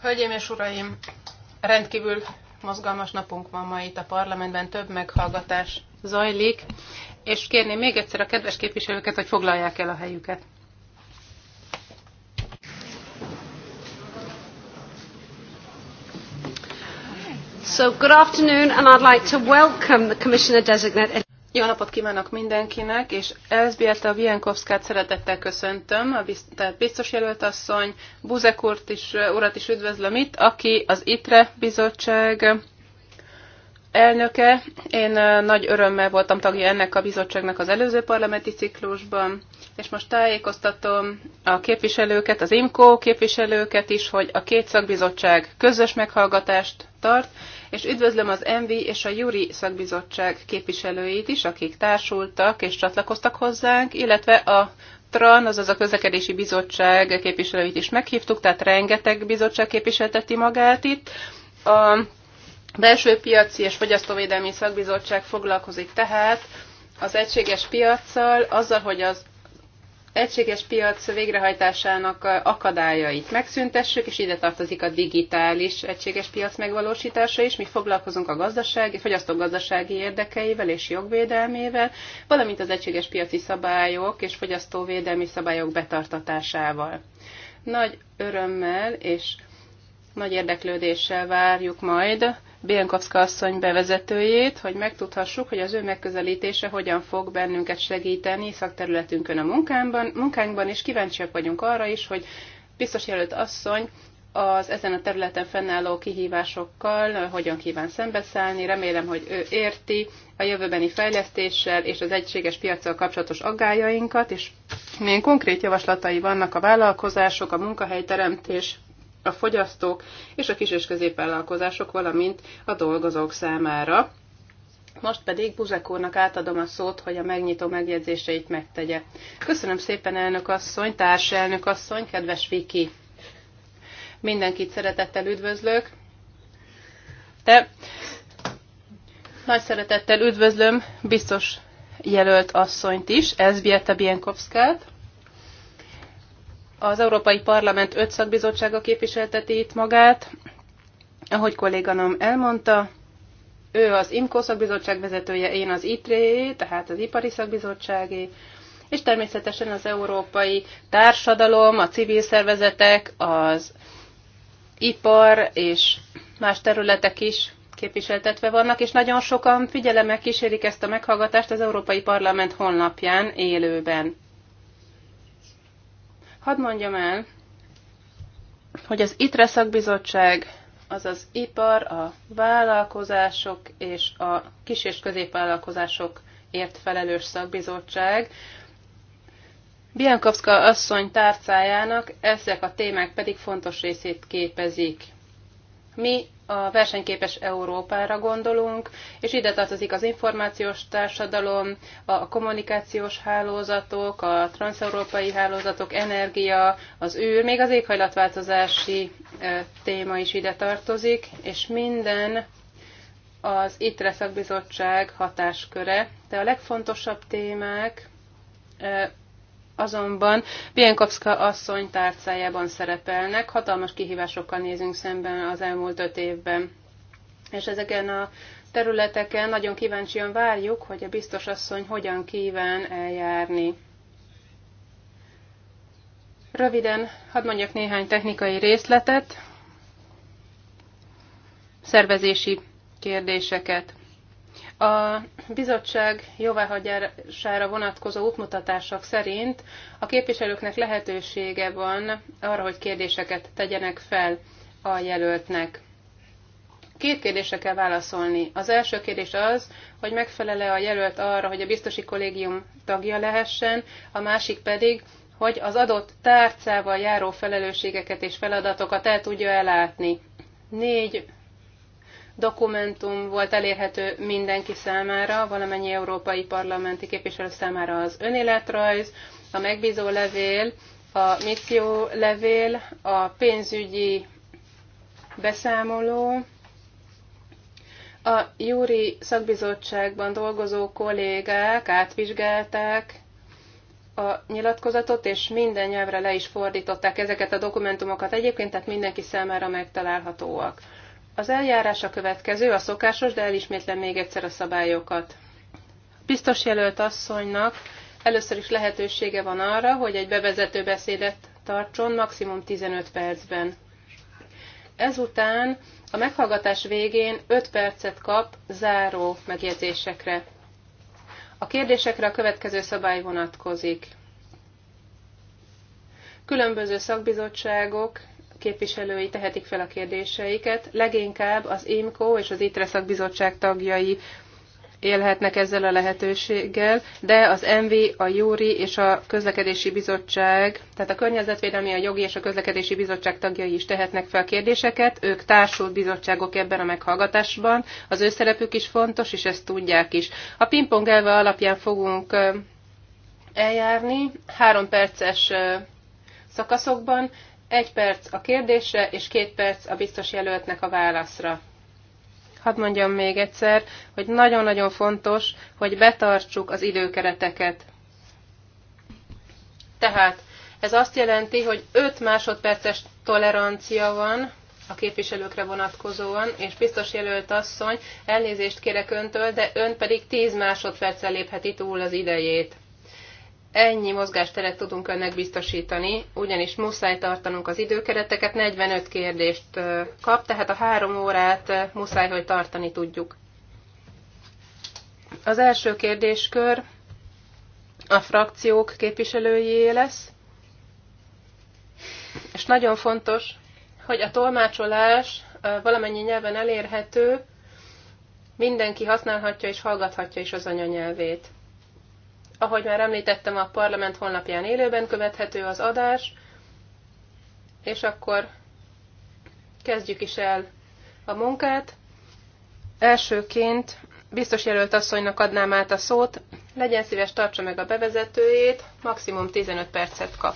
Hölgyeim és uraim, rendkívül mozgalmas napunk van ma itt a parlamentben, több meghallgatás zajlik, és kérném még egyszer a kedves képviselőket, hogy foglalják el a helyüket. So good afternoon and I'd like to welcome the Commissioner Designate jó napot kívánok mindenkinek, és Elzbieta Vienkovszkát szeretettel köszöntöm, a biztos jelölt asszony, Buzek is, urat is üdvözlöm itt, aki az ITRE bizottság elnöke. Én nagy örömmel voltam tagja ennek a bizottságnak az előző parlamenti ciklusban, és most tájékoztatom a képviselőket, az IMCO képviselőket is, hogy a két szakbizottság közös meghallgatást tart, és üdvözlöm az ENVI és a Juri szakbizottság képviselőit is, akik társultak és csatlakoztak hozzánk, illetve a TRAN, azaz a Közlekedési Bizottság képviselőit is meghívtuk, tehát rengeteg bizottság képviselteti magát itt. A Belső piaci és fogyasztóvédelmi szakbizottság foglalkozik tehát az egységes piaccal, azzal, hogy az egységes piac végrehajtásának akadályait megszüntessük, és ide tartozik a digitális egységes piac megvalósítása is. Mi foglalkozunk a gazdasági, fogyasztógazdasági érdekeivel és jogvédelmével, valamint az egységes piaci szabályok és fogyasztóvédelmi szabályok betartatásával. Nagy örömmel és nagy érdeklődéssel várjuk majd Bélenkovszka asszony bevezetőjét, hogy megtudhassuk, hogy az ő megközelítése hogyan fog bennünket segíteni szakterületünkön a munkánkban, munkánkban, és kíváncsiak vagyunk arra is, hogy biztos jelölt asszony az ezen a területen fennálló kihívásokkal hogyan kíván szembeszállni. Remélem, hogy ő érti a jövőbeni fejlesztéssel és az egységes piacsal kapcsolatos aggájainkat, és milyen konkrét javaslatai vannak a vállalkozások, a munkahelyteremtés a fogyasztók és a kis- és középvállalkozások, valamint a dolgozók számára. Most pedig Buzekónak átadom a szót, hogy a megnyitó megjegyzéseit megtegye. Köszönöm szépen, elnök asszony, társelnök asszony, kedves Viki! Mindenkit szeretettel üdvözlök. Te nagy szeretettel üdvözlöm biztos jelölt asszonyt is, Ezbieta Bienkovszkát. Az Európai Parlament öt szakbizottsága képviselteti itt magát. Ahogy kolléganom elmondta, ő az IMCO szakbizottság vezetője, én az ITRE, tehát az Ipari Szakbizottságé, és természetesen az európai társadalom, a civil szervezetek, az ipar és más területek is képviseltetve vannak, és nagyon sokan figyelemmel kísérik ezt a meghallgatást az Európai Parlament honlapján élőben. Hadd mondjam el, hogy az ITRE szakbizottság, azaz ipar, a vállalkozások és a kis- és középvállalkozásokért felelős szakbizottság, Biankowska asszony tárcájának ezek a témák pedig fontos részét képezik. Mi a versenyképes Európára gondolunk, és ide tartozik az információs társadalom, a kommunikációs hálózatok, a transeurópai hálózatok, energia, az űr, még az éghajlatváltozási téma is ide tartozik, és minden az ITRE szakbizottság hatásköre. De a legfontosabb témák azonban Bienkowska asszony tárcájában szerepelnek. Hatalmas kihívásokkal nézünk szemben az elmúlt öt évben. És ezeken a területeken nagyon kíváncsian várjuk, hogy a biztos asszony hogyan kíván eljárni. Röviden, hadd mondjak néhány technikai részletet, szervezési kérdéseket. A bizottság jóváhagyására vonatkozó útmutatások szerint a képviselőknek lehetősége van arra, hogy kérdéseket tegyenek fel a jelöltnek. Két kérdésre kell válaszolni. Az első kérdés az, hogy megfelele a jelölt arra, hogy a biztosi kollégium tagja lehessen, a másik pedig, hogy az adott tárcával járó felelősségeket és feladatokat el tudja ellátni. Négy dokumentum volt elérhető mindenki számára, valamennyi európai parlamenti képviselő számára az önéletrajz, a megbízó levél, a misszió levél, a pénzügyi beszámoló, a júri szakbizottságban dolgozó kollégák átvizsgálták a nyilatkozatot, és minden nyelvre le is fordították ezeket a dokumentumokat egyébként, tehát mindenki számára megtalálhatóak. Az eljárás a következő, a szokásos, de elismétlem még egyszer a szabályokat. Biztos jelölt asszonynak először is lehetősége van arra, hogy egy bevezető beszédet tartson maximum 15 percben. Ezután a meghallgatás végén 5 percet kap záró megjegyzésekre. A kérdésekre a következő szabály vonatkozik. Különböző szakbizottságok képviselői tehetik fel a kérdéseiket. Leginkább az IMCO és az ITRE szakbizottság tagjai élhetnek ezzel a lehetőséggel, de az ENVI, a Júri és a Közlekedési Bizottság, tehát a Környezetvédelmi, a Jogi és a Közlekedési Bizottság tagjai is tehetnek fel kérdéseket, ők társult bizottságok ebben a meghallgatásban, az ő szerepük is fontos, és ezt tudják is. A pingpong elve alapján fogunk eljárni, három perces szakaszokban, egy perc a kérdésre, és két perc a biztos jelöltnek a válaszra. Hadd mondjam még egyszer, hogy nagyon-nagyon fontos, hogy betartsuk az időkereteket. Tehát ez azt jelenti, hogy 5 másodperces tolerancia van a képviselőkre vonatkozóan, és biztos jelölt asszony, elnézést kérek öntől, de ön pedig 10 másodperccel lépheti túl az idejét ennyi mozgásteret tudunk önnek biztosítani, ugyanis muszáj tartanunk az időkereteket, 45 kérdést kap, tehát a három órát muszáj, hogy tartani tudjuk. Az első kérdéskör a frakciók képviselőjé lesz, és nagyon fontos, hogy a tolmácsolás valamennyi nyelven elérhető, mindenki használhatja és hallgathatja is az anyanyelvét. Ahogy már említettem, a parlament honlapján élőben követhető az adás, és akkor kezdjük is el a munkát. Elsőként biztos jelölt asszonynak adnám át a szót, legyen szíves, tartsa meg a bevezetőjét, maximum 15 percet kap.